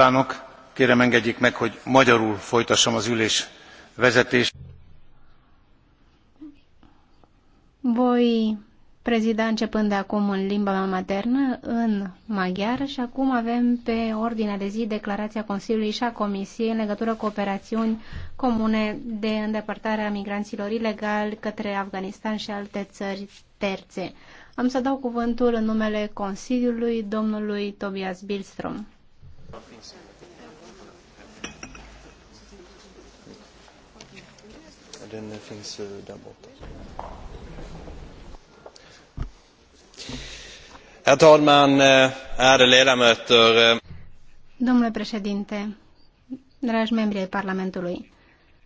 kívánok! kérem engedjék meg hogy magyarul folytassam az ülés Voi prezida începând de acum în limba mea maternă, în maghiară și acum avem pe ordinea de zi declarația Consiliului și a Comisiei în legătură cu operațiuni comune de îndepărtare a migranților ilegali către Afganistan și alte țări terțe. Am să dau cuvântul în numele Consiliului domnului Tobias Bilstrom. Uh, Herr talman, äh, ärade ledamöter. Äh, Domnule președinte, dragi membri ai Parlamentului,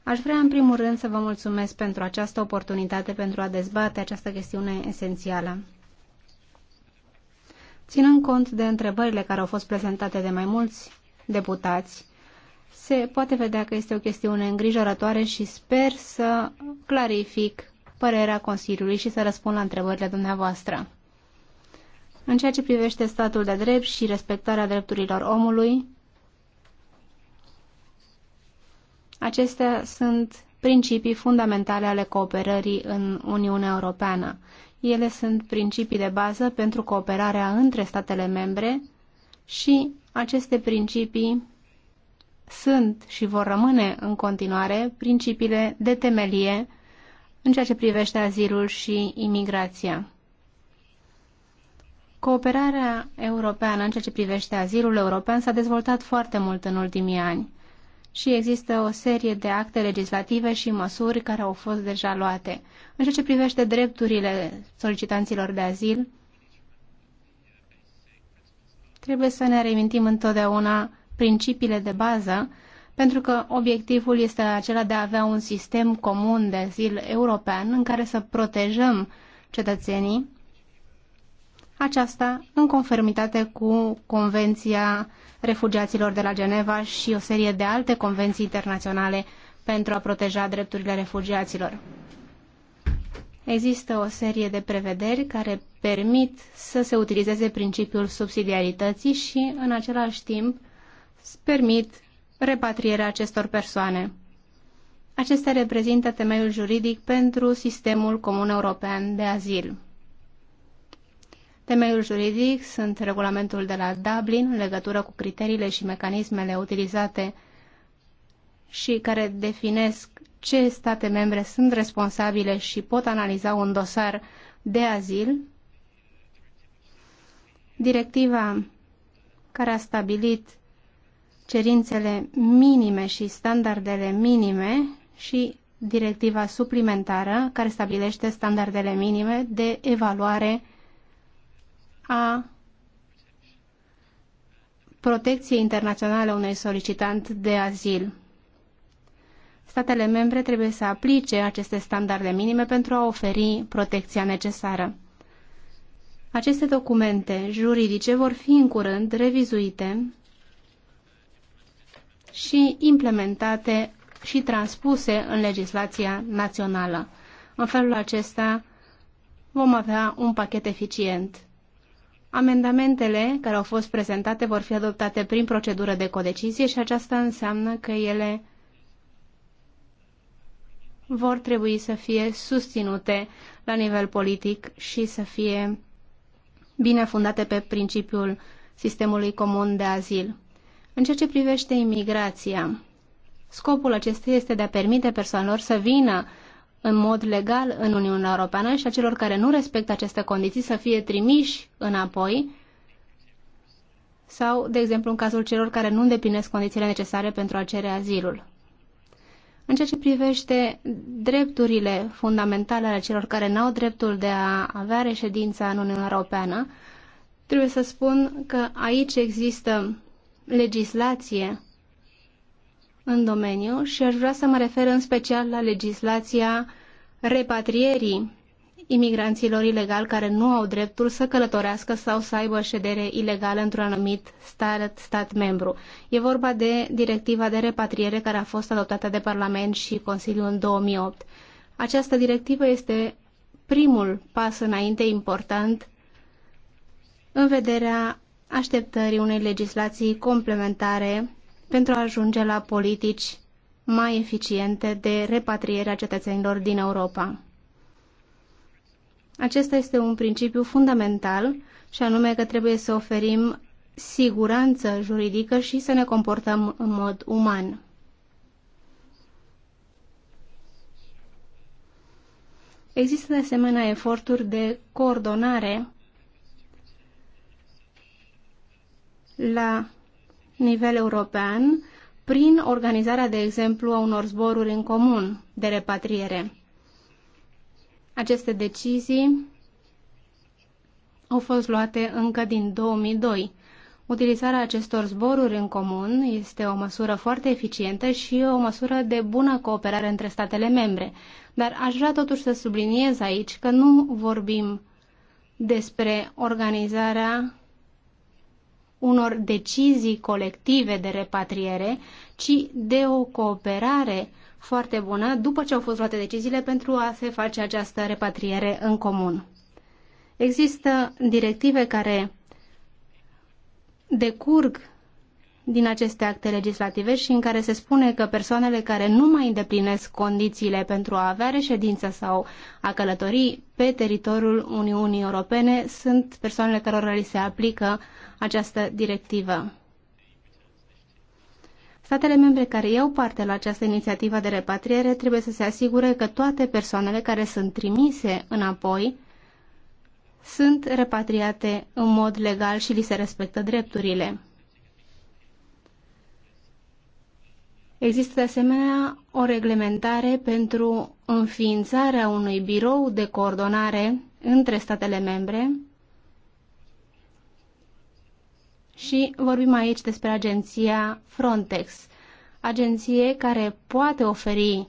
aș vrea în primul rând să vă mulțumesc pentru această oportunitate pentru a dezbate această chestiune esențială. Ținând cont de întrebările care au fost prezentate de mai mulți deputați, se poate vedea că este o chestiune îngrijorătoare și sper să clarific părerea Consiliului și să răspund la întrebările dumneavoastră. În ceea ce privește statul de drept și respectarea drepturilor omului, acestea sunt principii fundamentale ale cooperării în Uniunea Europeană ele sunt principii de bază pentru cooperarea între statele membre și aceste principii sunt și vor rămâne în continuare principiile de temelie în ceea ce privește azilul și imigrația. Cooperarea europeană în ceea ce privește azilul european s-a dezvoltat foarte mult în ultimii ani și există o serie de acte legislative și măsuri care au fost deja luate. În ceea ce privește drepturile solicitanților de azil, trebuie să ne reamintim întotdeauna principiile de bază, pentru că obiectivul este acela de a avea un sistem comun de azil european în care să protejăm cetățenii, aceasta în conformitate cu Convenția refugiaților de la Geneva și o serie de alte convenții internaționale pentru a proteja drepturile refugiaților. Există o serie de prevederi care permit să se utilizeze principiul subsidiarității și, în același timp, permit repatrierea acestor persoane. Acestea reprezintă temeiul juridic pentru sistemul comun european de azil. Temeiul juridic sunt regulamentul de la Dublin în legătură cu criteriile și mecanismele utilizate și care definesc ce state membre sunt responsabile și pot analiza un dosar de azil. Directiva care a stabilit cerințele minime și standardele minime și directiva suplimentară care stabilește standardele minime de evaluare a protecției internaționale unui solicitant de azil. Statele membre trebuie să aplice aceste standarde minime pentru a oferi protecția necesară. Aceste documente juridice vor fi în curând revizuite și implementate și transpuse în legislația națională. În felul acesta vom avea un pachet eficient. Amendamentele care au fost prezentate vor fi adoptate prin procedură de codecizie și aceasta înseamnă că ele vor trebui să fie susținute la nivel politic și să fie bine fundate pe principiul sistemului comun de azil. În ceea ce privește imigrația, scopul acesta este de a permite persoanelor să vină în mod legal în Uniunea Europeană și a celor care nu respectă aceste condiții să fie trimiși înapoi sau, de exemplu, în cazul celor care nu îndeplinesc condițiile necesare pentru a cere azilul. În ceea ce privește drepturile fundamentale ale celor care n-au dreptul de a avea reședința în Uniunea Europeană, trebuie să spun că aici există legislație în domeniu și aș vrea să mă refer în special la legislația repatrierii imigranților ilegali care nu au dreptul să călătorească sau să aibă ședere ilegală într-un anumit stat, stat membru. E vorba de directiva de repatriere care a fost adoptată de Parlament și Consiliu în 2008. Această directivă este primul pas înainte important în vederea așteptării unei legislații complementare pentru a ajunge la politici mai eficiente de repatriere a cetățenilor din Europa. Acesta este un principiu fundamental și anume că trebuie să oferim siguranță juridică și să ne comportăm în mod uman. Există de asemenea eforturi de coordonare la nivel european prin organizarea, de exemplu, a unor zboruri în comun de repatriere. Aceste decizii au fost luate încă din 2002. Utilizarea acestor zboruri în comun este o măsură foarte eficientă și o măsură de bună cooperare între statele membre. Dar aș vrea totuși să subliniez aici că nu vorbim despre organizarea unor decizii colective de repatriere, ci de o cooperare foarte bună după ce au fost luate deciziile pentru a se face această repatriere în comun. Există directive care decurg din aceste acte legislative și în care se spune că persoanele care nu mai îndeplinesc condițiile pentru a avea reședință sau a călători pe teritoriul Uniunii Europene sunt persoanele cărora li se aplică această directivă. Statele membre care iau parte la această inițiativă de repatriere trebuie să se asigure că toate persoanele care sunt trimise înapoi sunt repatriate în mod legal și li se respectă drepturile. Există de asemenea o reglementare pentru înființarea unui birou de coordonare între statele membre și vorbim aici despre agenția Frontex, agenție care poate oferi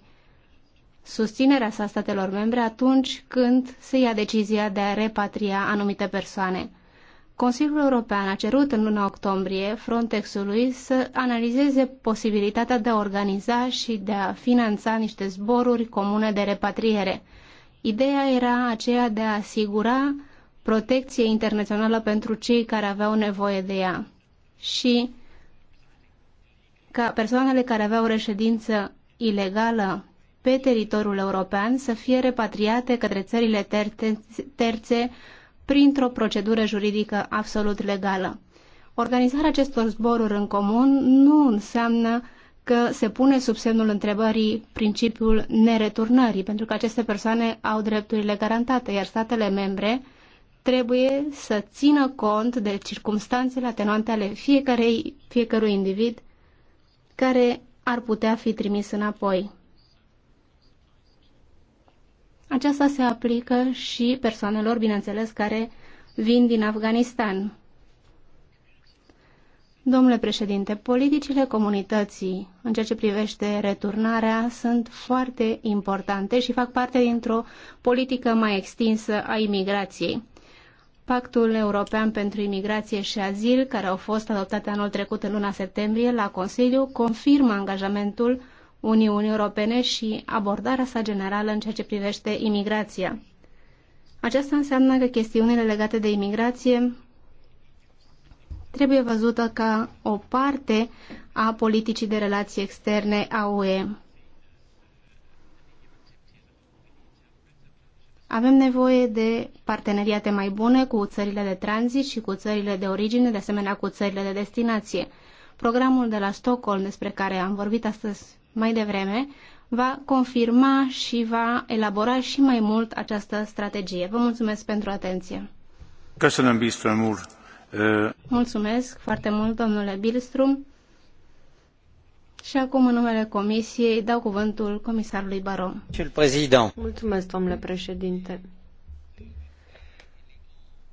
susținerea sa statelor membre atunci când se ia decizia de a repatria anumite persoane. Consiliul European a cerut în luna octombrie Frontexului să analizeze posibilitatea de a organiza și de a finanța niște zboruri comune de repatriere. Ideea era aceea de a asigura protecție internațională pentru cei care aveau nevoie de ea și ca persoanele care aveau reședință ilegală pe teritoriul european să fie repatriate către țările terțe, terțe printr-o procedură juridică absolut legală. Organizarea acestor zboruri în comun nu înseamnă că se pune sub semnul întrebării principiul nereturnării, pentru că aceste persoane au drepturile garantate, iar statele membre trebuie să țină cont de circumstanțele atenuante ale fiecărui individ care ar putea fi trimis înapoi. Aceasta se aplică și persoanelor, bineînțeles, care vin din Afganistan. Domnule președinte, politicile comunității în ceea ce privește returnarea sunt foarte importante și fac parte dintr-o politică mai extinsă a imigrației. Pactul European pentru Imigrație și Azil, care au fost adoptate anul trecut în luna septembrie la Consiliu, confirmă angajamentul Uniunii Europene și abordarea sa generală în ceea ce privește imigrația. Aceasta înseamnă că chestiunile legate de imigrație trebuie văzută ca o parte a politicii de relații externe a UE. Avem nevoie de parteneriate mai bune cu țările de tranzit și cu țările de origine, de asemenea cu țările de destinație. Programul de la Stockholm, despre care am vorbit astăzi mai devreme, va confirma și va elabora și mai mult această strategie. Vă mulțumesc pentru atenție. Mulțumesc foarte mult, domnule Bilstrum. Și acum, în numele Comisiei, dau cuvântul comisarului Baron. Mulțumesc, domnule președinte.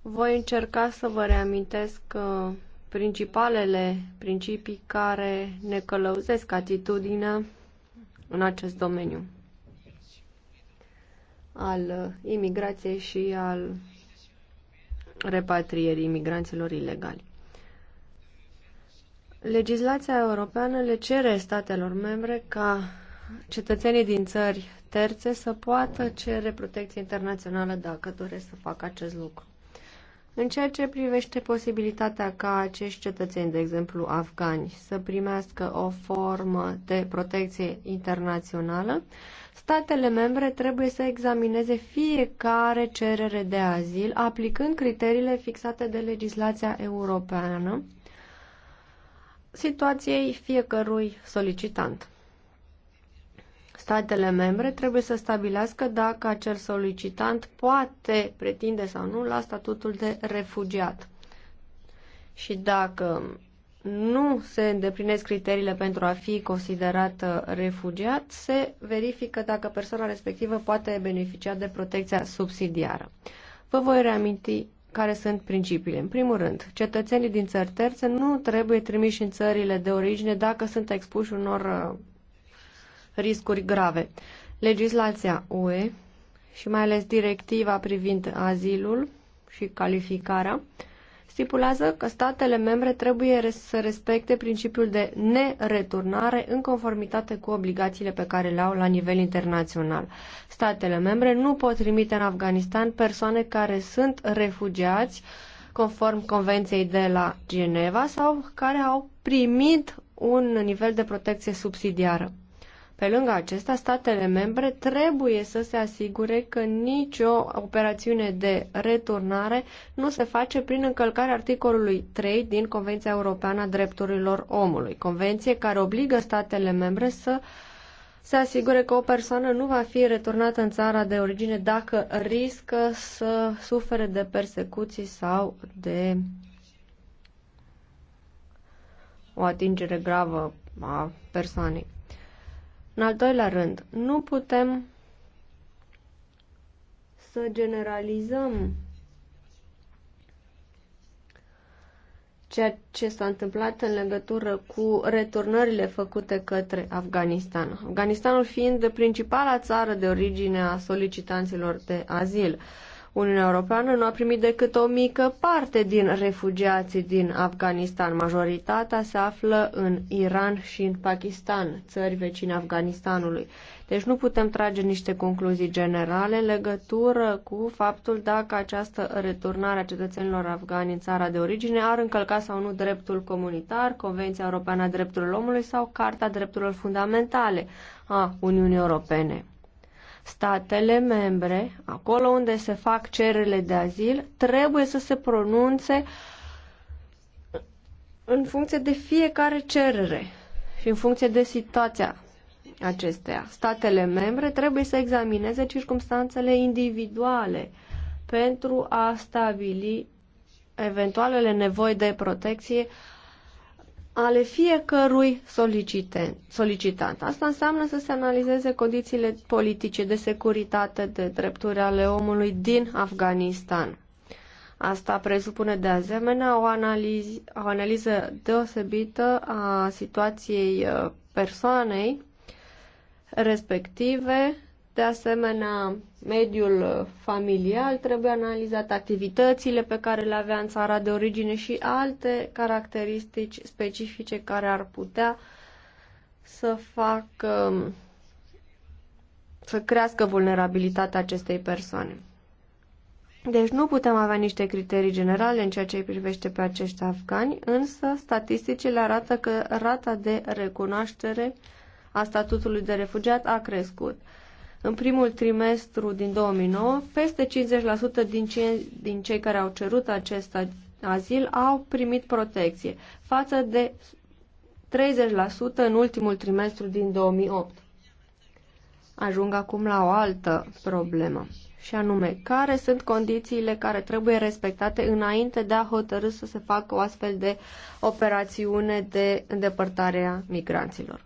Voi încerca să vă reamintesc că principalele principii care ne călăuzesc atitudinea în acest domeniu al uh, imigrației și al repatrierii imigranților ilegali. Legislația europeană le cere statelor membre ca cetățenii din țări terțe să poată cere protecție internațională dacă doresc să facă acest lucru. În ceea ce privește posibilitatea ca acești cetățeni, de exemplu afgani, să primească o formă de protecție internațională, statele membre trebuie să examineze fiecare cerere de azil, aplicând criteriile fixate de legislația europeană situației fiecărui solicitant. Statele membre trebuie să stabilească dacă acel solicitant poate pretinde sau nu la statutul de refugiat. Și dacă nu se îndeplinesc criteriile pentru a fi considerat uh, refugiat, se verifică dacă persoana respectivă poate beneficia de protecția subsidiară. Vă voi reaminti care sunt principiile. În primul rând, cetățenii din țări terțe nu trebuie trimiși în țările de origine dacă sunt expuși unor uh, riscuri grave. Legislația UE și mai ales directiva privind azilul și calificarea stipulează că statele membre trebuie să respecte principiul de nereturnare în conformitate cu obligațiile pe care le au la nivel internațional. Statele membre nu pot trimite în Afganistan persoane care sunt refugiați conform Convenției de la Geneva sau care au primit un nivel de protecție subsidiară. Pe lângă acesta, statele membre trebuie să se asigure că nicio operațiune de returnare nu se face prin încălcarea articolului 3 din Convenția Europeană a Drepturilor Omului, convenție care obligă statele membre să se asigure că o persoană nu va fi returnată în țara de origine dacă riscă să sufere de persecuții sau de o atingere gravă a persoanei. În al doilea rând, nu putem să generalizăm ceea ce s-a întâmplat în legătură cu returnările făcute către Afganistan. Afganistanul fiind principala țară de origine a solicitanților de azil. Uh, Uniunea Europeană nu a primit decât o mică parte din refugiații din Afganistan. Majoritatea se află în Iran și în Pakistan, țări vecine Afganistanului. Deci nu putem trage niște concluzii generale în legătură cu faptul dacă această returnare a cetățenilor afgani în țara de origine ar încălca sau nu dreptul comunitar, Convenția Europeană a Drepturilor Omului sau Carta Drepturilor Fundamentale a Uniunii Europene statele membre, acolo unde se fac cererile de azil, trebuie să se pronunțe în funcție de fiecare cerere și în funcție de situația acesteia. Statele membre trebuie să examineze circumstanțele individuale pentru a stabili eventualele nevoi de protecție ale fiecărui solicitant. Asta înseamnă să se analizeze condițiile politice de securitate, de drepturi ale omului din Afganistan. Asta presupune de asemenea o, analiz, o analiză deosebită a situației uh, persoanei respective, de asemenea, mediul familial trebuie analizat, activitățile pe care le avea în țara de origine și alte caracteristici specifice care ar putea să facă să crească vulnerabilitatea acestei persoane. Deci nu putem avea niște criterii generale în ceea ce îi privește pe acești afgani, însă statisticile arată că rata de recunoaștere a statutului de refugiat a crescut. În primul trimestru din 2009, peste 50% din, ce, din cei care au cerut acest azil au primit protecție, față de 30% în ultimul trimestru din 2008. Ajung acum la o altă problemă, și anume, care sunt condițiile care trebuie respectate înainte de a hotărâ să se facă o astfel de operațiune de îndepărtare a migranților.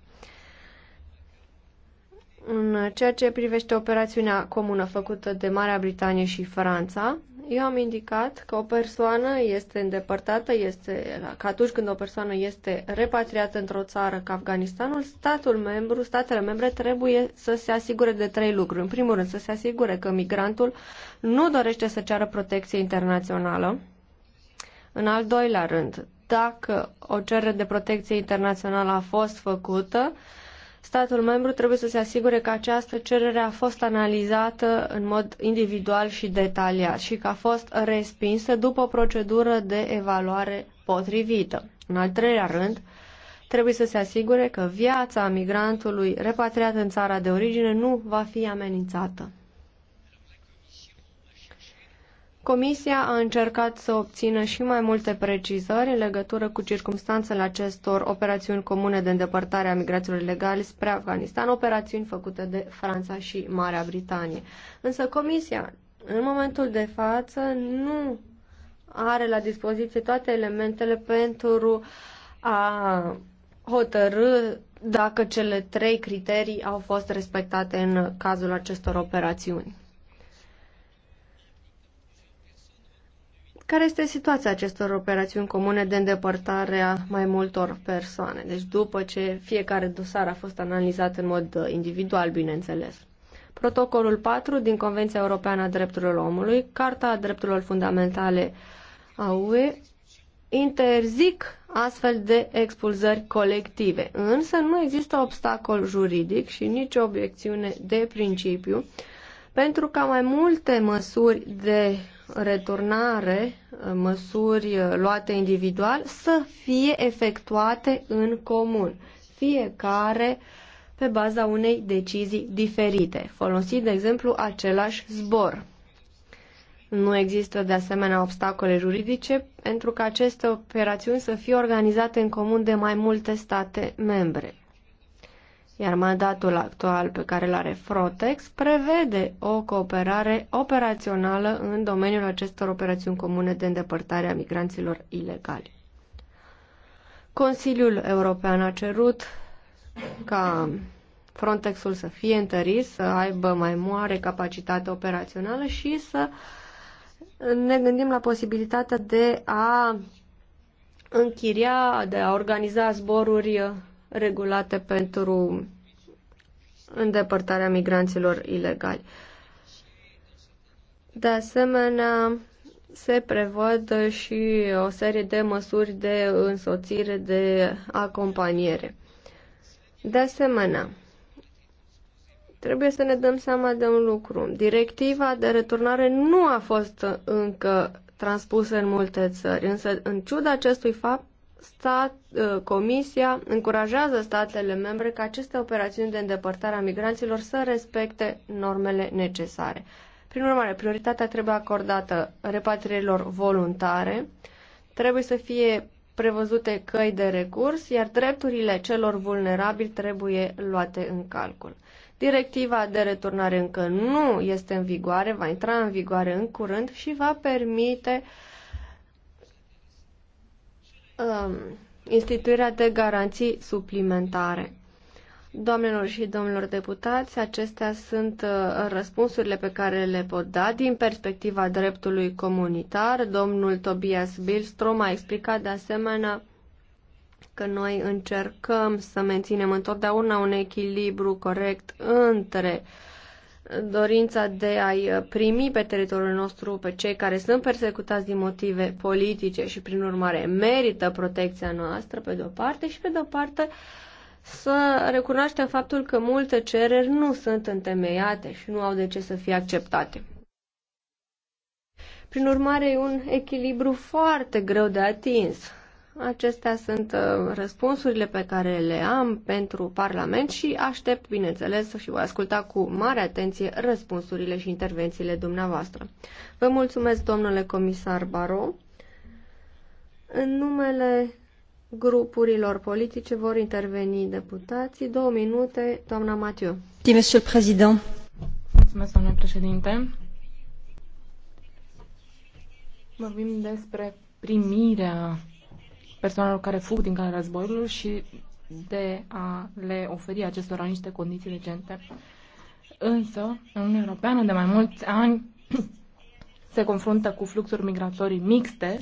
În ceea ce privește operațiunea comună făcută de Marea Britanie și Franța, eu am indicat că o persoană este îndepărtată, este, că atunci când o persoană este repatriată într-o țară ca Afganistanul, statul membru, statele membre trebuie să se asigure de trei lucruri. În primul rând, să se asigure că migrantul nu dorește să ceară protecție internațională. În al doilea rând, dacă o cerere de protecție internațională a fost făcută, statul membru trebuie să se asigure că această cerere a fost analizată în mod individual și detaliat și că a fost respinsă după o procedură de evaluare potrivită. În al treilea rând, trebuie să se asigure că viața migrantului repatriat în țara de origine nu va fi amenințată. Comisia a încercat să obțină și mai multe precizări în legătură cu circumstanțele acestor operațiuni comune de îndepărtare a migrațiilor ilegale spre Afganistan, operațiuni făcute de Franța și Marea Britanie. Însă Comisia, în momentul de față, nu are la dispoziție toate elementele pentru a hotărâ dacă cele trei criterii au fost respectate în cazul acestor operațiuni. Care este situația acestor operațiuni comune de îndepărtare a mai multor persoane? Deci după ce fiecare dosar a fost analizat în mod uh, individual, bineînțeles. Protocolul 4 din Convenția Europeană a Drepturilor Omului, Carta a Drepturilor Fundamentale a UE, interzic astfel de expulzări colective. Însă nu există obstacol juridic și nicio obiecțiune de principiu pentru ca mai multe măsuri de returnare, uh, măsuri uh, luate individual, să fie efectuate în comun, fiecare pe baza unei decizii diferite, folosind, de exemplu, același zbor. Nu există de asemenea obstacole juridice pentru ca aceste operațiuni să fie organizate în comun de mai multe state membre. Iar mandatul actual pe care îl are Frontex prevede o cooperare operațională în domeniul acestor operațiuni comune de îndepărtare a migranților ilegali. Consiliul European a cerut ca Frontexul să fie întărit, să aibă mai mare capacitate operațională și să ne gândim la posibilitatea de a închiria, de a organiza zboruri regulate pentru îndepărtarea migranților ilegali. De asemenea, se prevăd și o serie de măsuri de însoțire, de acompaniere. De asemenea, trebuie să ne dăm seama de un lucru. Directiva de returnare nu a fost încă transpusă în multe țări, însă în ciuda acestui fapt stat, uh, Comisia încurajează statele membre ca aceste operațiuni de îndepărtare a migranților să respecte normele necesare. Prin urmare, prioritatea trebuie acordată repatrierilor voluntare, trebuie să fie prevăzute căi de recurs, iar drepturile celor vulnerabili trebuie luate în calcul. Directiva de returnare încă nu este în vigoare, va intra în vigoare în curând și va permite uh, Um, instituirea de garanții suplimentare. Doamnelor și domnilor deputați, acestea sunt uh, răspunsurile pe care le pot da din perspectiva dreptului comunitar. Domnul Tobias Bilstrom a explicat de asemenea că noi încercăm să menținem întotdeauna un echilibru corect între uh, dorința de a-i uh, primi pe teritoriul nostru pe cei care sunt persecutați din motive politice și, prin urmare, merită protecția noastră, pe de-o parte, și, pe de-o parte, să recunoaștem faptul că multe cereri nu sunt întemeiate și nu au de ce să fie acceptate. Prin urmare, e un echilibru foarte greu de atins Acestea sunt uh, răspunsurile pe care le am pentru Parlament și aștept, bineînțeles, să fiu ascultat cu mare atenție răspunsurile și intervențiile dumneavoastră. Vă mulțumesc, domnule comisar Baro. În numele grupurilor politice vor interveni deputații. Două minute, doamna Mathieu. Mulțumesc, domnule președinte. Vorbim despre primirea persoanelor care fug din calea războiului și de a le oferi acestora niște condiții decente. Însă, în Uniunea Europeană, de mai mulți ani, se confruntă cu fluxuri migratorii mixte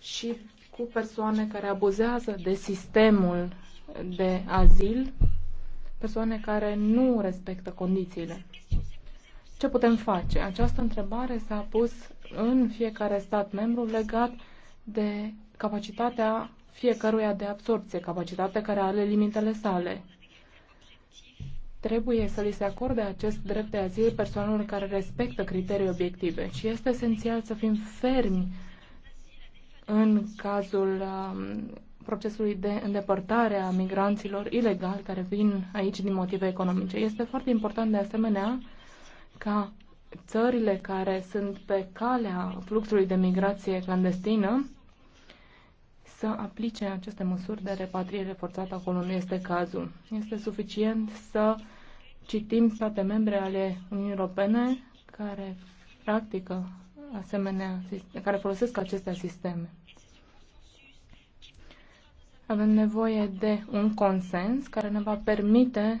și cu persoane care abuzează de sistemul de azil, persoane care nu respectă condițiile. Ce putem face? Această întrebare s-a pus în fiecare stat membru legat de capacitatea fiecăruia de absorpție, capacitatea care are limitele sale. Trebuie să li se acorde acest drept de azil persoanelor care respectă criterii obiective și este esențial să fim fermi în cazul um, procesului de îndepărtare a migranților ilegali care vin aici din motive economice. Este foarte important de asemenea ca țările care sunt pe calea fluxului de migrație clandestină să aplice aceste măsuri de repatriere forțată acolo nu este cazul. Este suficient să citim state membre ale Uniunii Europene care practică asemenea, care folosesc aceste sisteme. Avem nevoie de un consens care ne va permite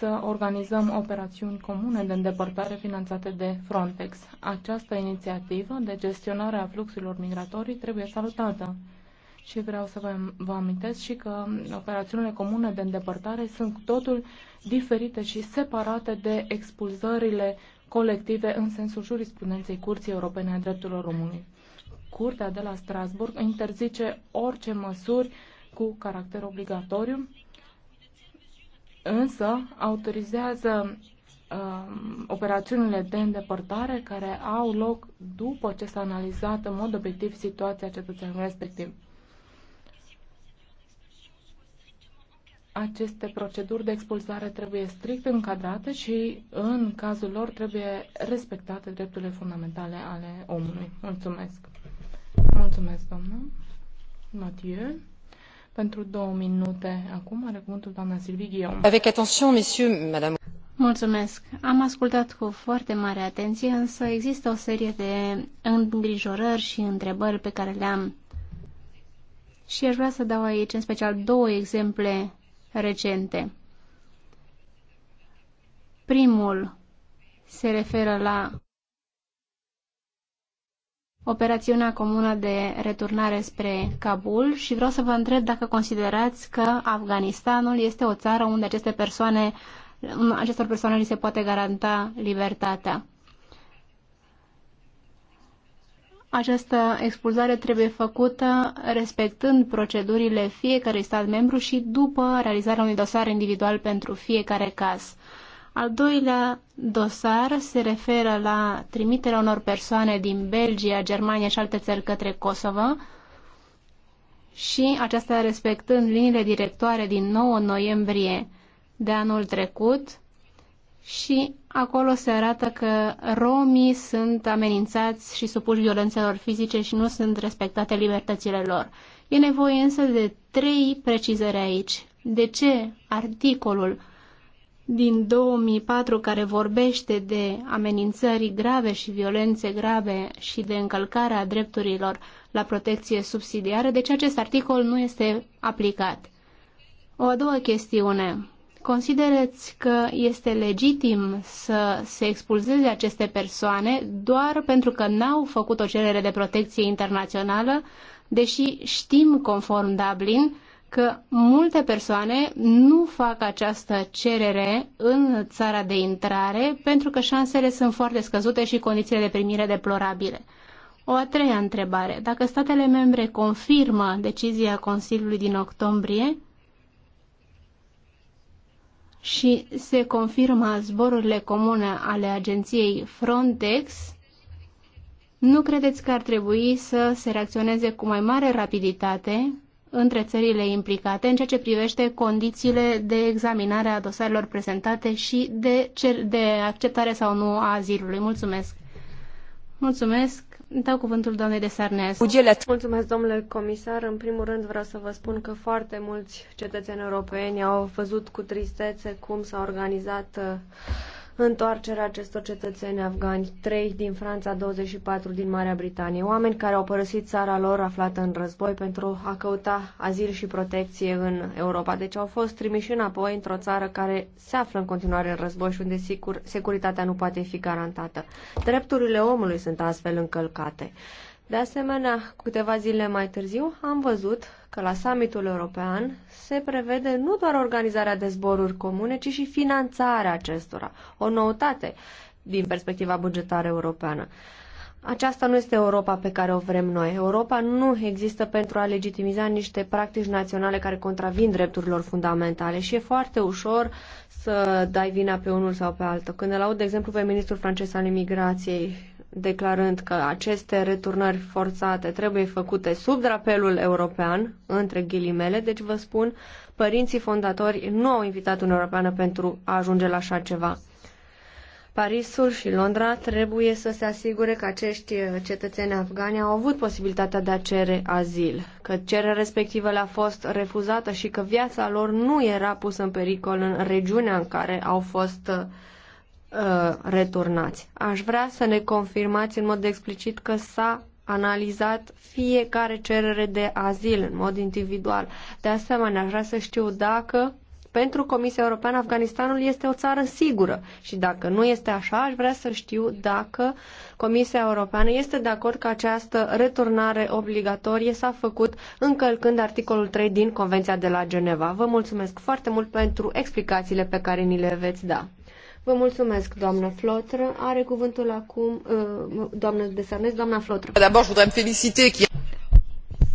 să organizăm operațiuni comune de îndepărtare finanțate de Frontex. Această inițiativă de gestionare a fluxurilor migratorii trebuie salutată. Și vreau să vă, vă amintesc și că operațiunile comune de îndepărtare sunt totul diferite și separate de expulzările colective în sensul jurisprudenței Curții Europene a Drepturilor Omului. Curtea de la Strasburg interzice orice măsuri cu caracter obligatoriu însă autorizează uh, operațiunile de îndepărtare care au loc după ce s-a analizat în mod obiectiv situația cetățeanului respectiv. Aceste proceduri de expulzare trebuie strict încadrate și, în cazul lor, trebuie respectate drepturile fundamentale ale omului. Mulțumesc! Mulțumesc, doamnă! Mathieu. Pentru două minute acum are cuvântul doamna Silvie Ghiom. Avec attention, messieurs, madame. Mulțumesc. Am ascultat cu foarte mare atenție, însă există o serie de îngrijorări și întrebări pe care le-am. Și aș vrea să dau aici în special două exemple recente. Primul se referă la operațiunea comună de returnare spre Kabul și vreau să vă întreb dacă considerați că Afganistanul este o țară unde aceste persoane, acestor persoane li se poate garanta libertatea. Această expulzare trebuie făcută respectând procedurile fiecărui stat membru și după realizarea unui dosar individual pentru fiecare caz. Al doilea dosar se referă la trimiterea unor persoane din Belgia, Germania și alte țări către Kosovo și aceasta respectând liniile directoare din 9 noiembrie de anul trecut și acolo se arată că romii sunt amenințați și supuși violențelor fizice și nu sunt respectate libertățile lor. E nevoie însă de trei precizări aici. De ce articolul din 2004 care vorbește de amenințări grave și violențe grave și de încălcarea drepturilor la protecție subsidiară, deci acest articol nu este aplicat. O a doua chestiune. Considerați că este legitim să se expulzeze aceste persoane doar pentru că n-au făcut o cerere de protecție internațională, deși știm conform Dublin că multe persoane nu fac această cerere în țara de intrare pentru că șansele sunt foarte scăzute și condițiile de primire deplorabile. O a treia întrebare. Dacă statele membre confirmă decizia Consiliului din octombrie și se confirmă zborurile comune ale agenției Frontex, nu credeți că ar trebui să se reacționeze cu mai mare rapiditate între țările implicate în ceea ce privește condițiile de examinare a dosarelor prezentate și de, cer- de acceptare sau nu a azilului. Mulțumesc! Mulțumesc! Dau cuvântul doamnei de Sarnez. Mulțumesc, domnule comisar. În primul rând vreau să vă spun că foarte mulți cetățeni europeni au văzut cu tristețe cum s-a organizat uh, întoarcerea acestor cetățeni afgani, 3 din Franța, 24 din Marea Britanie, oameni care au părăsit țara lor aflată în război pentru a căuta azil și protecție în Europa. Deci au fost trimiși înapoi într-o țară care se află în continuare în război și unde sigur, securitatea nu poate fi garantată. Drepturile omului sunt astfel încălcate. De asemenea, câteva zile mai târziu am văzut că la summitul european se prevede nu doar organizarea de zboruri comune, ci și finanțarea acestora. O noutate din perspectiva bugetară europeană. Aceasta nu este Europa pe care o vrem noi. Europa nu există pentru a legitimiza niște practici naționale care contravin drepturilor fundamentale și e foarte ușor să dai vina pe unul sau pe altul. Când îl aud, de exemplu, pe ministrul francez al imigrației declarând că aceste returnări forțate trebuie făcute sub drapelul european, între ghilimele, deci vă spun, părinții fondatori nu au invitat Uniunea Europeană pentru a ajunge la așa ceva. Parisul și Londra trebuie să se asigure că acești cetățeni afgani au avut posibilitatea de a cere azil, că cererea respectivă le-a fost refuzată și că viața lor nu era pusă în pericol în regiunea în care au fost uh, Uh, returnați. Aș vrea să ne confirmați în mod explicit că s-a analizat fiecare cerere de azil în mod individual. De asemenea, aș vrea să știu dacă pentru Comisia Europeană Afganistanul este o țară sigură și dacă nu este așa, aș vrea să știu dacă Comisia Europeană este de acord că această returnare obligatorie s-a făcut încălcând articolul 3 din Convenția de la Geneva. Vă mulțumesc foarte mult pentru explicațiile pe care ni le veți da. Vă mulțumesc, doamnă Flotră. Are cuvântul acum uh, doamnă Desarnes, doamna Flotră. D'abord, je voudrais féliciter qui...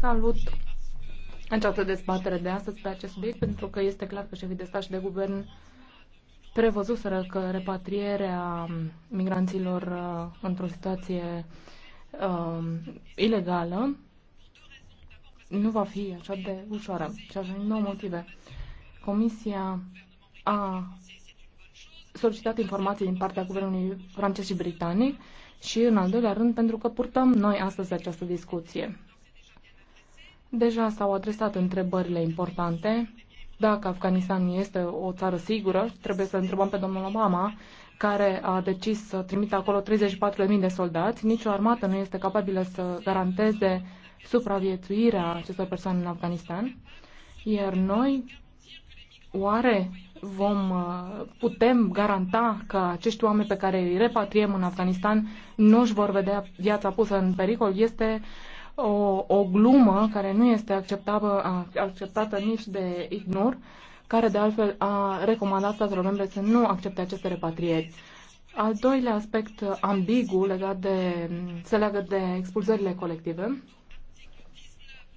Salut această dezbatere de astăzi pe acest subiect, pentru că este clar că șefii de stat și de guvern prevăzuseră că repatrierea migranților uh, într-o situație uh, ilegală nu va fi așa de ușoară. Și avem nu motive. Comisia a solicitat informații din partea guvernului francez și britanic și, în al doilea rând, pentru că purtăm noi astăzi această discuție. Deja s-au adresat întrebările importante. Dacă Afganistan este o țară sigură, trebuie să întrebăm pe domnul Obama, care a decis să trimită acolo 34.000 de soldați. Nicio armată nu este capabilă să garanteze supraviețuirea acestor persoane în Afganistan. Iar noi, oare vom uh, putem garanta că acești oameni pe care îi repatriem în Afganistan nu își vor vedea viața pusă în pericol este o, o glumă care nu este acceptabilă, acceptată nici de IGNUR, care de altfel a recomandat statelor membre să nu accepte aceste repatrieri. Al doilea aspect ambigu legat de, se leagă de expulzările colective.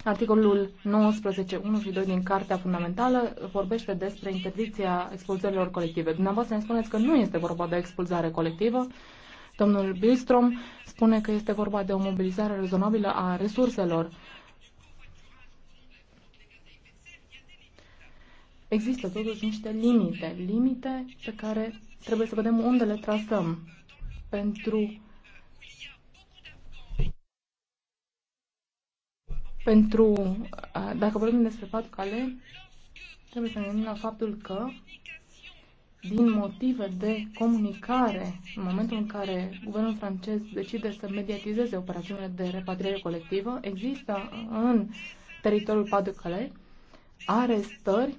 Articolul 19, 1 și 2 din Cartea Fundamentală vorbește despre interdicția expulzărilor colective. Dumneavoastră ne spuneți că nu este vorba de expulzare colectivă. Domnul Bilstrom spune că este vorba de o mobilizare rezonabilă a resurselor. Există totuși niște limite, limite pe care trebuie să vedem unde le trasăm pentru Pentru, dacă vorbim despre pat cale, trebuie să ne gândim la faptul că din motive de comunicare, în momentul în care guvernul francez decide să mediatizeze operațiunile de repatriere colectivă, există în teritoriul Pas-de-Calais arestări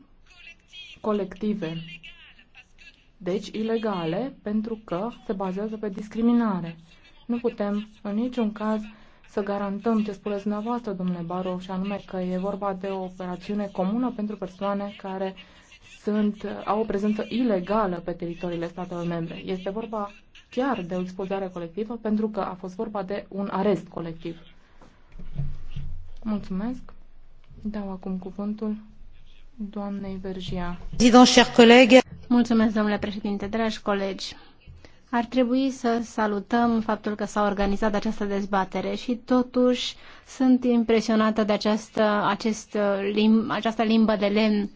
colective, deci ilegale, pentru că se bazează pe discriminare. Nu putem în niciun caz să garantăm ce spuneți dumneavoastră, domnule Baro, și anume că e vorba de o operațiune comună pentru persoane care sunt, au o prezență ilegală pe teritoriile statelor membre. Este vorba chiar de o expulzare colectivă pentru că a fost vorba de un arest colectiv. Mulțumesc. Dau acum cuvântul doamnei Vergia. Mulțumesc, domnule președinte, dragi colegi. Ar trebui să salutăm faptul că s-a organizat această dezbatere și totuși sunt impresionată de această, acest uh, lim, această limbă de lemn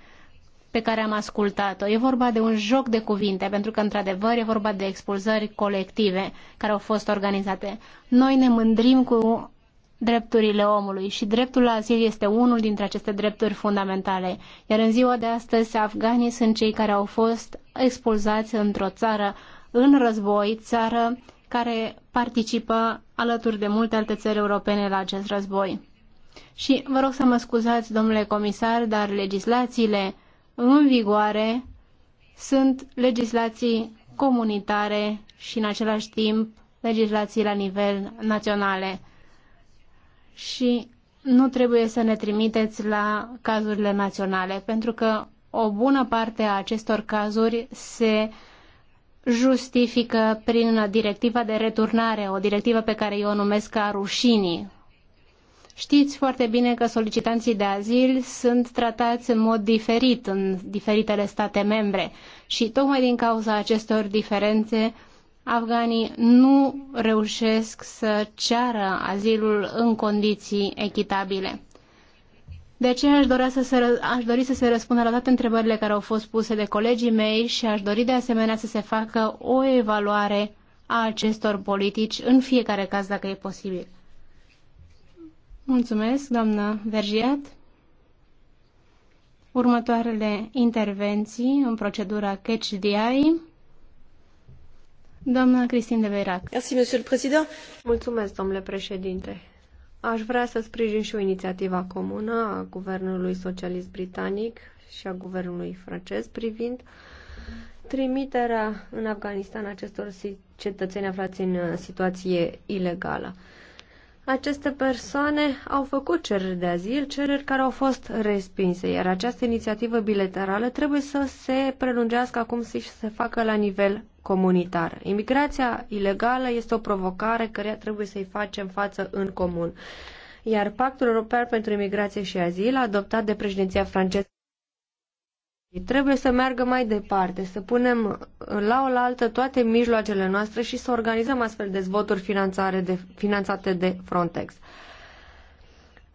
pe care am ascultat-o. E vorba de un joc de cuvinte, pentru că, într-adevăr, e vorba de expulzări colective care au fost organizate. Noi ne mândrim cu drepturile omului și dreptul la azil este unul dintre aceste drepturi fundamentale. Iar în ziua de astăzi, afganii sunt cei care au fost expulzați într-o țară în război, țară care participă alături de multe alte țări europene la acest război. Și vă rog să mă scuzați, domnule comisar, dar legislațiile în vigoare sunt legislații comunitare și în același timp legislații la nivel naționale. Și nu trebuie să ne trimiteți la cazurile naționale, pentru că o bună parte a acestor cazuri se uh, justifică prin directiva de returnare, o directivă pe care eu o numesc ca rușinii. Știți foarte bine că solicitanții de azil sunt tratați în mod diferit în diferitele state membre și tocmai din cauza acestor diferențe afganii nu reușesc să ceară azilul în condiții echitabile. De aceea aș, dorea să se, aș dori să se răspundă la toate întrebările care au fost puse de colegii mei și aș dori de asemenea să se facă o evaluare a acestor politici în fiecare caz, dacă e posibil. Mulțumesc, doamnă Vergiat. Următoarele intervenții în procedura Catch DI. Doamna Cristin de Beirac. Mulțumesc, domnule președinte. Aș vrea să sprijin și o inițiativă comună a Guvernului Socialist Britanic și a Guvernului francez privind trimiterea în Afganistan acestor cetățeni aflați în uh, situație ilegală. Aceste persoane au făcut cereri de azil, cereri care au fost respinse, iar această inițiativă bilaterală trebuie să se prelungească acum și să se facă la nivel comunitară. Imigrația ilegală este o provocare care trebuie să-i facem față în comun. Iar Pactul European pentru Imigrație și Azil, adoptat de președinția franceză, Trebuie să meargă mai departe, să punem la oaltă toate mijloacele noastre și să organizăm astfel de zvoturi finanțare de, finanțate de Frontex.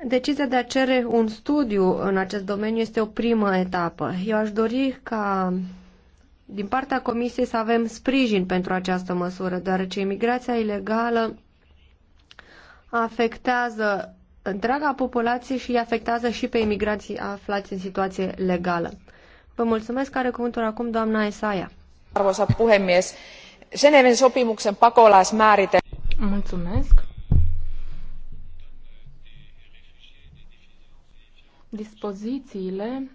Decizia de a cere un studiu în acest domeniu este o primă etapă. Eu aș dori ca din partea Comisiei să avem sprijin pentru această măsură, deoarece imigrația ilegală afectează întreaga populație și îi afectează și pe imigranții aflați în situație legală. Vă mulțumesc, care cuvântul acum doamna Esaia. Arvoisa puhemies, Geneven sopimuksen pakolaismäärite... Mulțumesc. Dispozițiile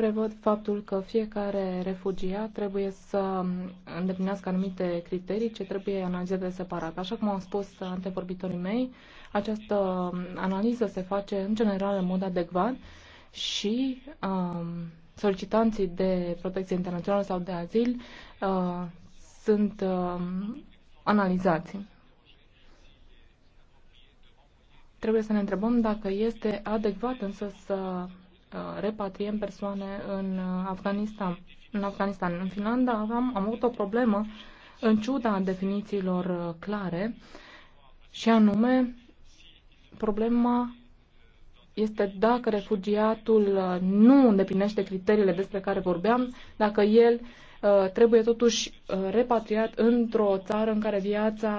prevăd faptul că fiecare refugiat trebuie să îndeplinească anumite criterii ce trebuie analizate separat. Așa cum au spus antevorbitorii mei, această analiză se face în general în mod adecvat și um, solicitanții de protecție internațională sau de azil uh, sunt uh, analizați. Trebuie să ne întrebăm dacă este adecvat însă să Uh, repatriem persoane în uh, Afganistan. În Afganistan, în Finlanda, aveam, am avut o problemă în ciuda definițiilor uh, clare și anume problema este dacă refugiatul nu îndeplinește criteriile despre care vorbeam, dacă el trebuie totuși repatriat într-o țară în care viața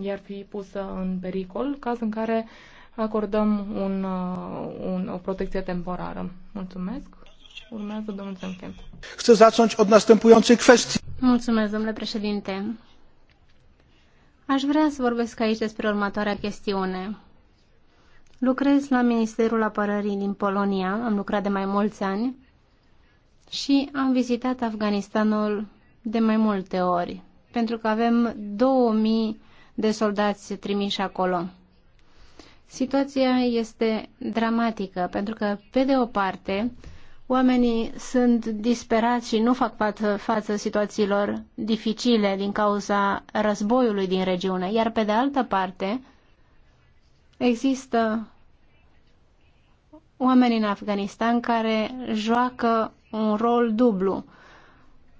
i-ar fi pusă în pericol, caz în care acordăm un, uh, un, o protecție temporară. Mulțumesc. Urmează domnul Zemchen. să zacząć od następującej kwestii. Mulțumesc, domnule președinte. Aș vrea să vorbesc aici despre următoarea chestiune. Lucrez la Ministerul Apărării din Polonia, am lucrat de mai mulți ani și am vizitat Afganistanul de mai multe ori, pentru că avem 2000 de soldați trimiși acolo. Situația este dramatică pentru că, pe de o parte, oamenii sunt disperați și nu fac față, față situațiilor dificile din cauza războiului din regiune, iar pe de altă parte există oameni în Afganistan care joacă un rol dublu.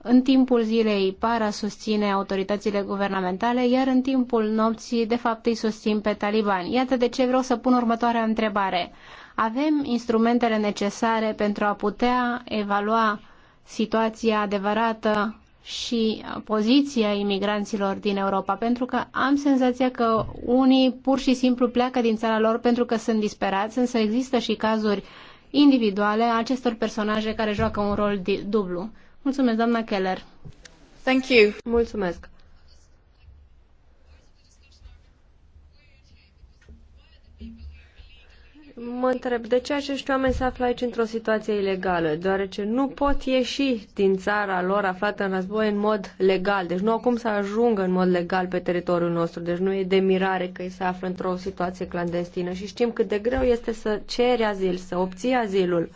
În timpul zilei para susține autoritățile guvernamentale, iar în timpul nopții, de fapt, îi susțin pe talibani. Iată de ce vreau să pun următoarea întrebare. Avem instrumentele necesare pentru a putea evalua situația adevărată și poziția imigranților din Europa, pentru că am senzația că unii pur și simplu pleacă din țara lor pentru că sunt disperați, însă există și cazuri individuale acestor personaje care joacă un rol dublu. Mulțumesc, doamna Keller. Thank you. Mulțumesc. Mă întreb, de ce acești oameni se află aici într-o situație ilegală? Deoarece nu pot ieși din țara lor aflată în război în mod legal. Deci nu au cum să ajungă în mod legal pe teritoriul nostru. Deci nu e de mirare că ei se află într-o situație clandestină. Și știm cât de greu este să ceri azil, să obții azilul. Uh,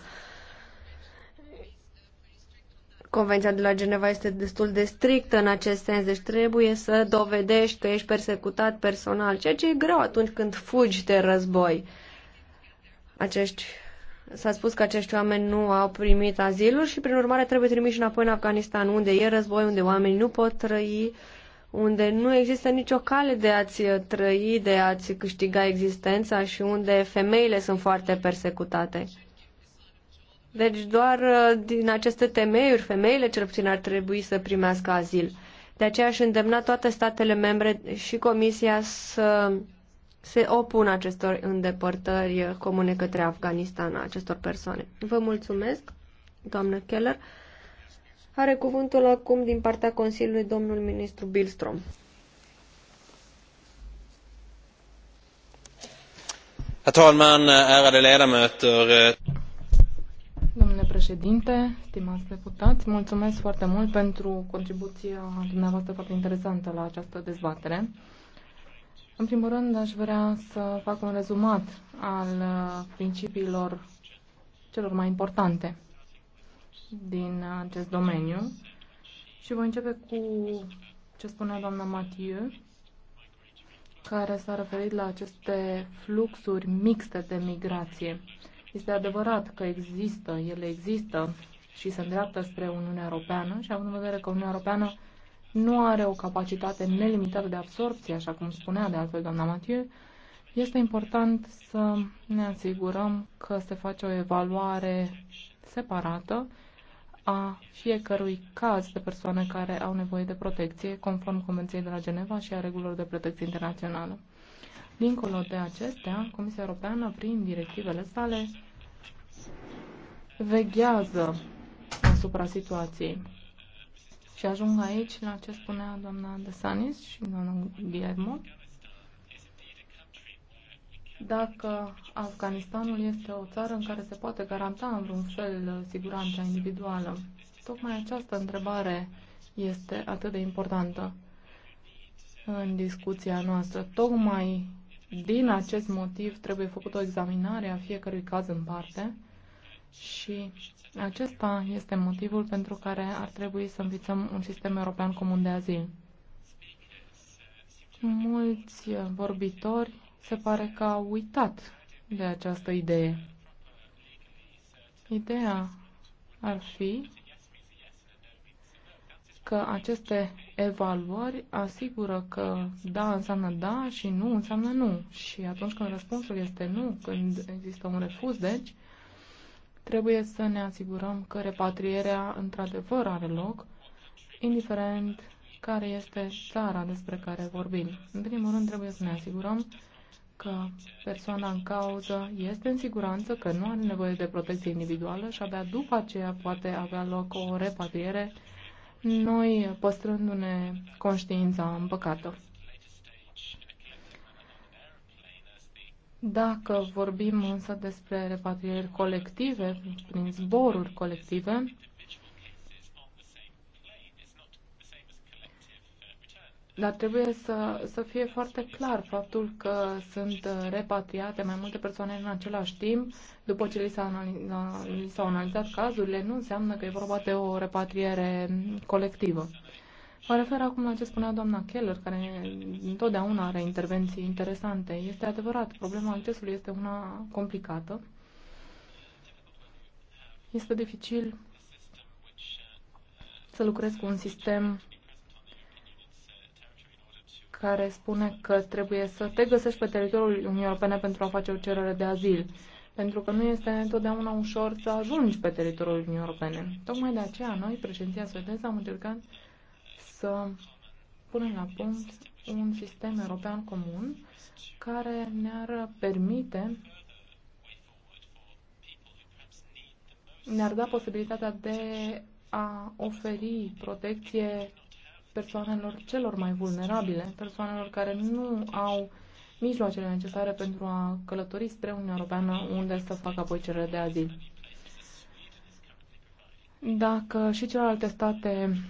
Convenția de la Geneva este destul de strictă în acest sens, deci trebuie să dovedești că ești persecutat personal, ceea ce e greu atunci când fugi de război. Acești S-a spus că acești oameni nu au primit azilul și, prin urmare, trebuie trimiși înapoi în Afganistan, unde e război, unde oamenii nu pot trăi, unde nu există nicio cale de a-ți trăi, de a-ți câștiga existența și unde femeile sunt foarte persecutate. Deci doar uh, din aceste temeiuri, femeile cel puțin ar trebui să primească azil. De aceea aș îndemna toate statele membre și Comisia să se opun acestor îndepărtări comune către Afganistan a acestor persoane. Vă mulțumesc, doamnă Keller. Are cuvântul acum din partea Consiliului domnul ministru Bilstrom. Herr talman, ärade ledamöter președinte, stimați deputați, mulțumesc foarte mult pentru contribuția dumneavoastră foarte interesantă la această dezbatere. În primul rând, aș vrea să fac un rezumat al uh, principiilor celor mai importante din acest domeniu și voi începe cu ce spunea doamna Mathieu, care s-a referit la aceste fluxuri mixte de migrație. Este adevărat că există, ele există și se îndreaptă spre Uniunea Europeană și având în vedere că Uniunea Europeană nu are o capacitate nelimitată de absorpție, așa cum spunea de altfel doamna Mathieu, este important să ne asigurăm că se face o evaluare separată a fiecărui caz de persoane care au nevoie de protecție conform Convenției de la Geneva și a regulilor de protecție internațională. Dincolo de acestea, Comisia Europeană, prin directivele sale, veghează asupra situației. Și ajung aici la ce spunea doamna Desanis și doamna Guillermo. Dacă Afganistanul este o țară în care se poate garanta în vreun fel siguranța individuală, tocmai această întrebare este atât de importantă în discuția noastră. Tocmai din acest motiv trebuie făcută o examinare a fiecărui caz în parte și acesta este motivul pentru care ar trebui să învițăm un sistem european comun de azil. Mulți vorbitori se pare că au uitat de această idee. Ideea ar fi că aceste evaluări asigură că da înseamnă da și nu înseamnă nu. Și atunci când răspunsul este nu, când există un refuz, deci, trebuie să ne asigurăm că repatrierea într-adevăr are loc, indiferent care este țara despre care vorbim. În primul rând, trebuie să ne asigurăm că persoana în cauză este în siguranță, că nu are nevoie de protecție individuală și abia după aceea poate avea loc o repatriere noi păstrându-ne conștiința împăcată. Dacă vorbim însă despre repatrieri colective, prin zboruri colective, Dar trebuie să, să fie foarte clar faptul că sunt repatriate mai multe persoane în același timp, după ce li s-au analizat, analizat cazurile, nu înseamnă că e vorba de o repatriere colectivă. Mă refer acum la ce spunea doamna Keller, care întotdeauna are intervenții interesante. Este adevărat, problema accesului este una complicată. Este dificil să lucrez cu un sistem care spune că trebuie să te găsești pe teritoriul Uniunii Europene pentru a face o cerere de azil, pentru că nu este întotdeauna ușor să ajungi pe teritoriul Uniunii Europene. Tocmai de aceea noi, președinția suedeză, am încercat să punem la punct un sistem european comun care ne-ar permite ne-ar da posibilitatea de a oferi protecție persoanelor celor mai vulnerabile, persoanelor care nu au mijloacele necesare pentru a călători spre Uniunea Europeană unde să facă apoi cerere de azil. Dacă și celelalte state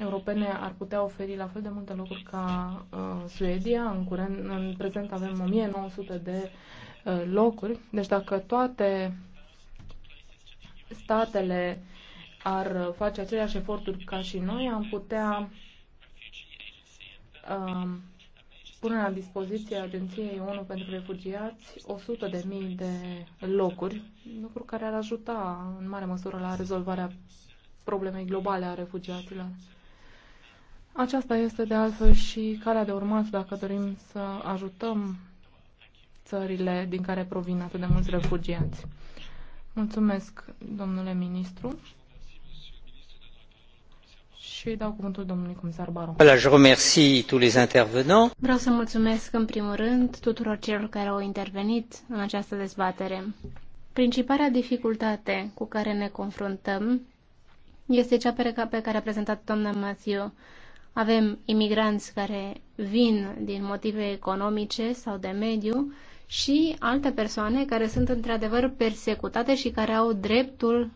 europene ar putea oferi la fel de multe locuri ca uh, Suedia, în, curent, în prezent avem 1900 de uh, locuri, deci dacă toate statele ar face aceleași eforturi ca și noi, am putea Um, pune la dispoziție Agenției ONU pentru Refugiați 100 de mii de locuri, lucru care ar ajuta în mare măsură la rezolvarea problemei globale a refugiaților. Aceasta este de altfel și calea de urmat dacă dorim să ajutăm țările din care provin atât de mulți refugiați. Mulțumesc, domnule ministru și îi dau cuvântul domnului comisar Baron. Vreau să mulțumesc în primul rând tuturor celor care au intervenit în această dezbatere. Principala dificultate cu care ne confruntăm este cea pe care a prezentat doamna Mathieu. Avem imigranți care vin din motive economice sau de mediu și alte persoane care sunt într-adevăr persecutate și care au dreptul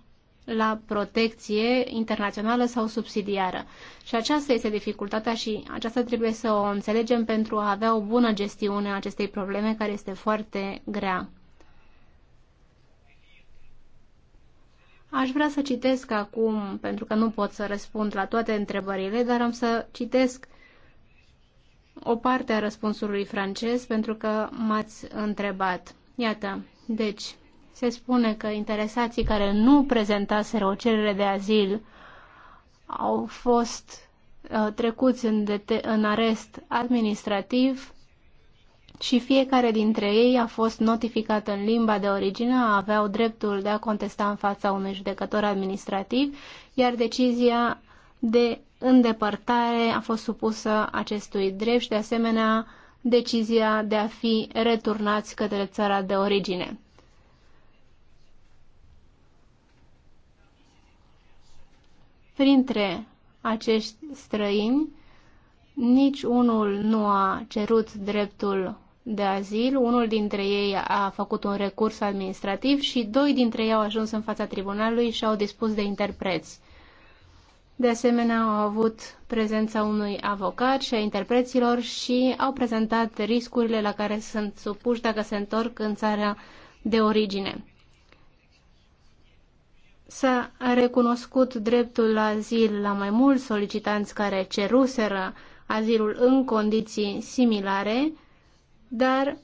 la protecție internațională sau subsidiară. Și aceasta este dificultatea și aceasta trebuie să o înțelegem pentru a avea o bună gestiune a acestei probleme care este foarte grea. Aș vrea să citesc acum, pentru că nu pot să răspund la toate întrebările, dar am să citesc o parte a răspunsului francez pentru că m-ați întrebat. Iată, deci, se spune că interesații care nu prezentaseră o cerere de azil au fost uh, trecuți în, în arest administrativ și fiecare dintre ei a fost notificat în limba de origine, aveau dreptul de a contesta în fața unui judecător administrativ, iar decizia de îndepărtare a fost supusă acestui drept și, de asemenea, decizia de a fi returnați către țara de origine. printre acești străini, nici unul nu a cerut dreptul de azil, unul dintre ei a făcut un recurs administrativ și doi dintre ei au ajuns în fața tribunalului și au dispus de interpreți. De asemenea, au avut prezența unui avocat și a interpreților și au prezentat riscurile la care sunt supuși dacă se întorc în țara de origine. S-a recunoscut dreptul la azil la mai mulți solicitanți care ceruseră azilul în condiții similare, dar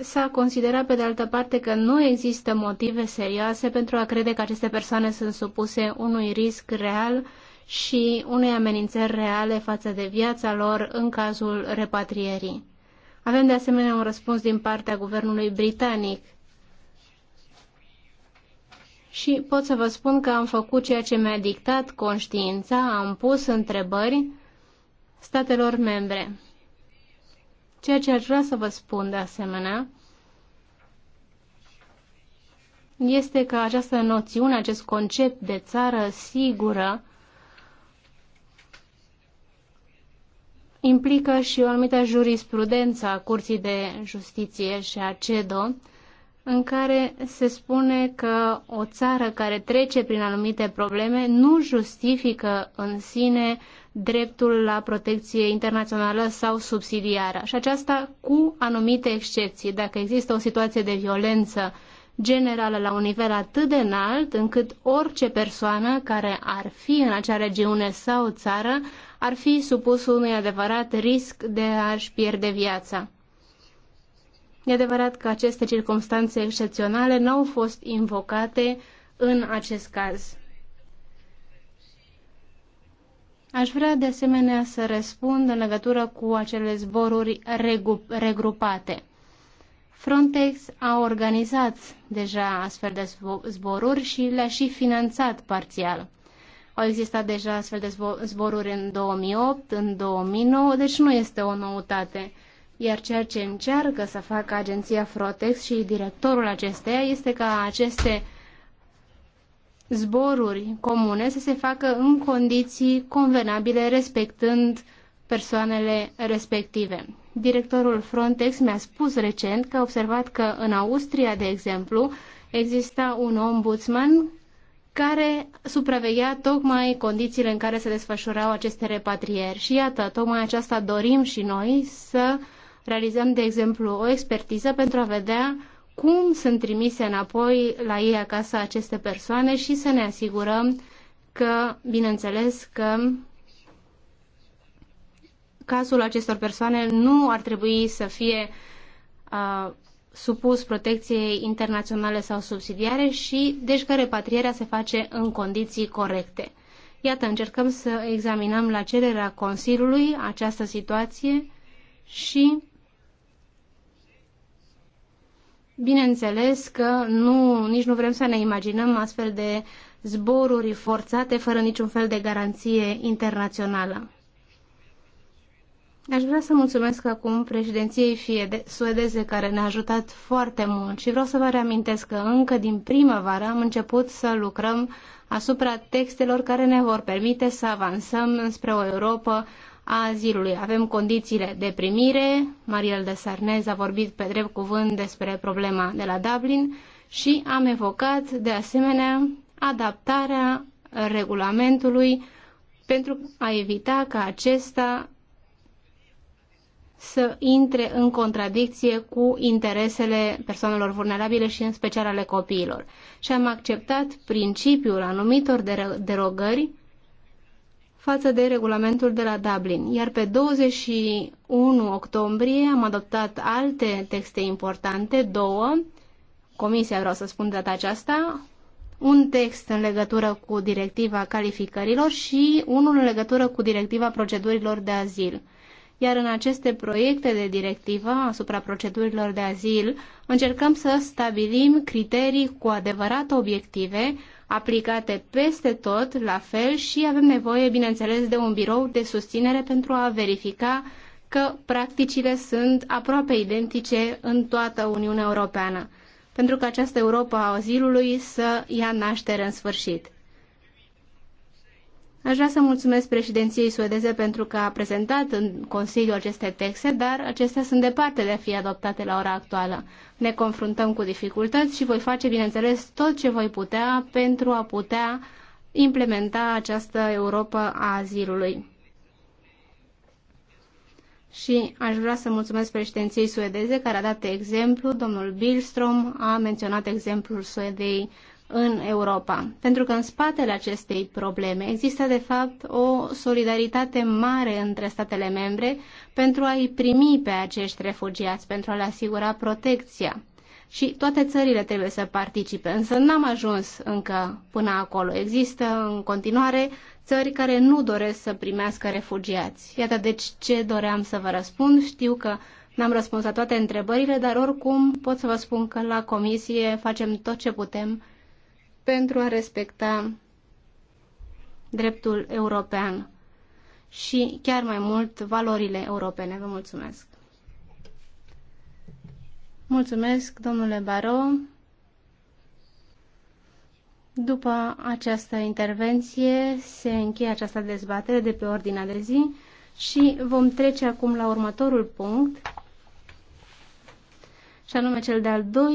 s-a considerat pe de altă parte că nu există motive serioase pentru a crede că aceste persoane sunt supuse unui risc real și unei amenințări reale față de viața lor în cazul repatrierii. Avem de asemenea un răspuns din partea guvernului britanic și pot să vă spun că am făcut ceea ce mi-a dictat conștiința, am pus întrebări statelor membre. Ceea ce aș vrea să vă spun de asemenea este că această noțiune, acest concept de țară sigură implică și o anumită jurisprudență a Curții de Justiție și a CEDO, în care se spune că o țară care trece prin anumite probleme nu justifică în sine dreptul la protecție internațională sau subsidiară. Și aceasta cu anumite excepții. Dacă există o situație de violență generală la un nivel atât de înalt încât orice persoană care ar fi în acea regiune sau țară ar fi supus unui adevărat risc de a-și pierde viața. E adevărat că aceste circunstanțe excepționale n-au fost invocate în acest caz. Aș vrea de asemenea să răspund în legătură cu acele zboruri regrupate. Frontex a organizat deja astfel de zboruri și le-a și finanțat parțial. Au existat deja astfel de zboruri în 2008, în 2009, deci nu este o noutate. Iar ceea ce încearcă să facă agenția Frotex și directorul acesteia este ca aceste zboruri comune să se facă în condiții convenabile, respectând persoanele respective. Directorul Frontex mi-a spus recent că a observat că în Austria, de exemplu, exista un ombudsman care supraveghea tocmai condițiile în care se desfășurau aceste repatrieri. Și iată, tocmai aceasta dorim și noi să uh, Realizăm, de exemplu, o expertiză pentru a vedea cum sunt trimise înapoi la ei acasă aceste persoane și să ne asigurăm că, bineînțeles, că cazul acestor persoane nu ar trebui să fie uh, supus protecției internaționale sau subsidiare și deci că repatrierea se face în condiții corecte. Iată, încercăm să examinăm la cererea Consiliului această situație și Bineînțeles că nu, nici nu vrem să ne imaginăm astfel de zboruri forțate fără niciun fel de garanție internațională. Aș vrea să mulțumesc acum președinției suedeze care ne-a ajutat foarte mult și vreau să vă reamintesc că încă din primăvară am început să lucrăm asupra textelor care ne vor permite să avansăm spre o Europa a azilului. Avem condițiile de primire, Mariel de Sarnez a vorbit pe drept cuvânt despre problema de la Dublin și am evocat de asemenea adaptarea regulamentului pentru a evita ca acesta să intre în contradicție cu interesele persoanelor vulnerabile și în special ale copiilor. Și am acceptat principiul anumitor derogări față de regulamentul de la Dublin. Iar pe 21 octombrie am adoptat alte texte importante, două, Comisia vreau să spun data aceasta, un text în legătură cu directiva calificărilor și unul în legătură cu directiva procedurilor de azil. Iar în aceste proiecte de directivă asupra procedurilor de azil încercăm să stabilim criterii cu adevărat obiective aplicate peste tot, la fel, și avem nevoie, bineînțeles, de un birou de susținere pentru a verifica că practicile sunt aproape identice în toată Uniunea Europeană, pentru că această Europa a azilului să ia naștere în sfârșit. Aș vrea să mulțumesc președinției suedeze pentru că a prezentat în Consiliu aceste texte, dar acestea sunt departe de a fi adoptate la ora actuală. Ne confruntăm cu dificultăți și voi face, bineînțeles, tot ce voi putea pentru a putea implementa această Europa a azilului. Și aș vrea să mulțumesc președinției suedeze care a dat exemplu, domnul Billstrom a menționat exemplul suedei în Europa. Pentru că în spatele acestei probleme există, de fapt, o solidaritate mare între statele membre pentru a-i primi pe acești refugiați, pentru a le asigura protecția. Și toate țările trebuie să participe, însă n-am ajuns încă până acolo. Există în continuare țări care nu doresc să primească refugiați. Iată deci ce doream să vă răspund. Știu că N-am răspuns la toate întrebările, dar oricum pot să vă spun că la comisie facem tot ce putem pentru a respecta dreptul european și chiar mai mult valorile europene. Vă mulțumesc! Mulțumesc, domnule Baro. După această intervenție se încheie această dezbatere de pe ordinea de zi și vom trece acum la următorul punct, și anume cel de-al doilea.